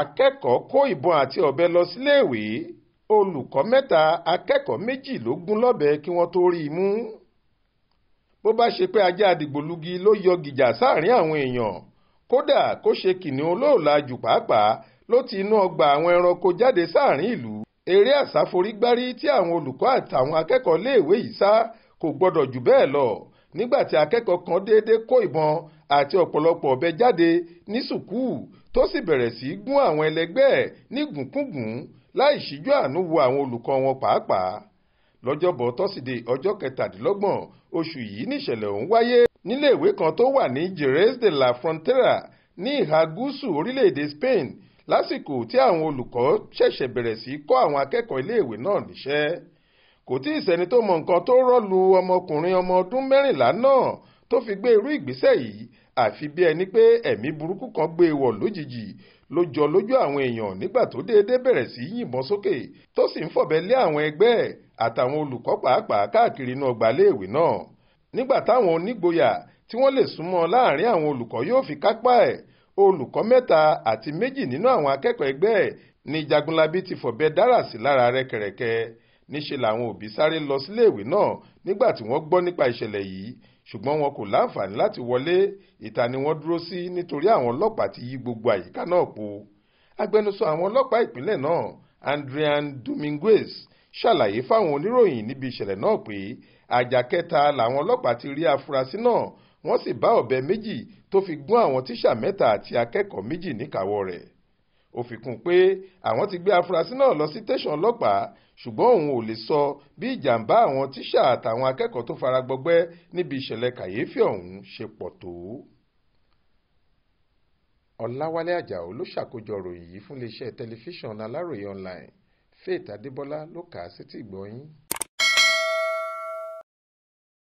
akẹ́kọ̀ọ́ kó ìbọn àti ọ̀bẹ lọ síléèwé olùkọ́ mẹ́ta akẹ́kọ̀ọ́ méjì ló gún lọ́bẹ kí wọ́n tó rí i mú bó bá ṣe pé ajá àdìgbòlugi ló yọ gìjà sáàrin àwọn èèyàn kódà kó ṣe kìnìún olóòlà jù pàápàá ló ti inú ọgbà àwọn ẹranko jáde sáàrin ìlú eré àsáforígbárí tí àwọn olùkọ́ àtàwọn akẹ́kọ̀ọ́ léèwé yìí sá kò gbọ́dọ̀ jù bẹ́ẹ̀ lọ nígbà tí akẹ́kọ̀ọ́ kan déédéé kó ìbọn àti ọ̀pọ̀lọpọ̀ ọ̀bẹ jáde ní sùkúù tó sì bẹ̀rẹ̀ sí í gún àwọn ẹlẹgbẹ́ ẹ̀ ní gúnkúngún láì ṣíjú àánú wo àwọn olùkọ́ wọn pàápàá lọ́jọ́bọ̀ tọ́sídẹ̀ẹ́ ọjọ́ kẹtàdínlọ́gbọ̀n oṣù yìí níṣẹ̀lẹ̀ ọ̀hún wáyé níléèwé kan tó wà ní Jerez de la Frontera ní ìhà gúúsù orílẹ̀-èdè Spain lásìkò tí àwọn olùkọ́ ṣẹ̀ṣẹ̀ bẹ̀rẹ̀ sí í kọ́ àwọn akẹ́kọ̀ọ́ iléèwé náà níṣẹ́ kò tí ì sẹ́ni tó mọ nǹkan tó rọ́ọ̀lù ọmọkùnrin ọmọ ọdún mẹ́rìnlá náà tó fi gbé irú ìgbésẹ̀ yìí àfi bí ẹni pé ẹ̀mí burúkú kan gbé e wọ̀ lójijì ló jọ lójú àwọn èèyàn nígbà tó déédéé bẹ̀rẹ̀ sí í yìnbọn sókè tó sì ń fọ̀bẹ lé àwọn ẹgbẹ́ ẹ̀ àtàwọn olùkọ́ pàápàá káàkiri inú ọgbà iléèwé náà nígbà táwọn onígboyà tí wọ́n lè súnmọ́ láàrin àwọn olùkọ́ yóò fi kápá ẹ̀ olùkọ́ mẹ́ta àti méjì nínú àwọn akẹ́kọ̀ọ́ ẹgbẹ́ ẹ̀ ni Jagunlabi ti fọ̀bẹ dárà sí lára rẹ́kẹ̀rẹ́kẹ́ níṣẹ́ làwọn òbí sáré lọ síléèwé náà nígbà tí wọ́n gbọ́ nípa ìṣẹ̀lẹ̀ yìí ṣùgbọ́n wọn kò láǹfààní láti wọlé ìta ni wọ́n dúró sí nítorí àwọn ọlọ́pàá ti yí gbogbo àyíká náà po agbẹnusọ àwọn ọlọ́pàá ìpínlẹ̀ náà Adrian Dominguez ṣàlàyé fáwọn oníròyìn níbi ìṣẹ̀lẹ̀ náà pé àjà kẹta làwọn ọlọ́pàá ti rí afurasí náà wọ́n sì bá ọ̀bẹ méjì tó fi gún àwọn tíṣà mẹ́ta àti akẹ́kọ̀ọ́ méjì níkàáwọ́ rẹ̀ ó fi kún un pé àwọn ti gbé afurasí náà lọ sí tẹ̀sán ọlọ́pàá ṣùgbọ́n òun ò lè sọ bí ìjàmbá àwọn tíṣà àtàwọn akẹ́kọ̀ọ́ tó fara gbọgbẹ́ níbi ìṣẹ̀lẹ̀ kàyéfì ọ̀hún ṣe pọ̀ tó. ọ̀làwálé ajáò ló ṣàkójọ ròyìn yìí fún iléeṣẹ́ tẹlifíṣàn aláròye online faith adébọlá ló kà á sétí ìgbọ́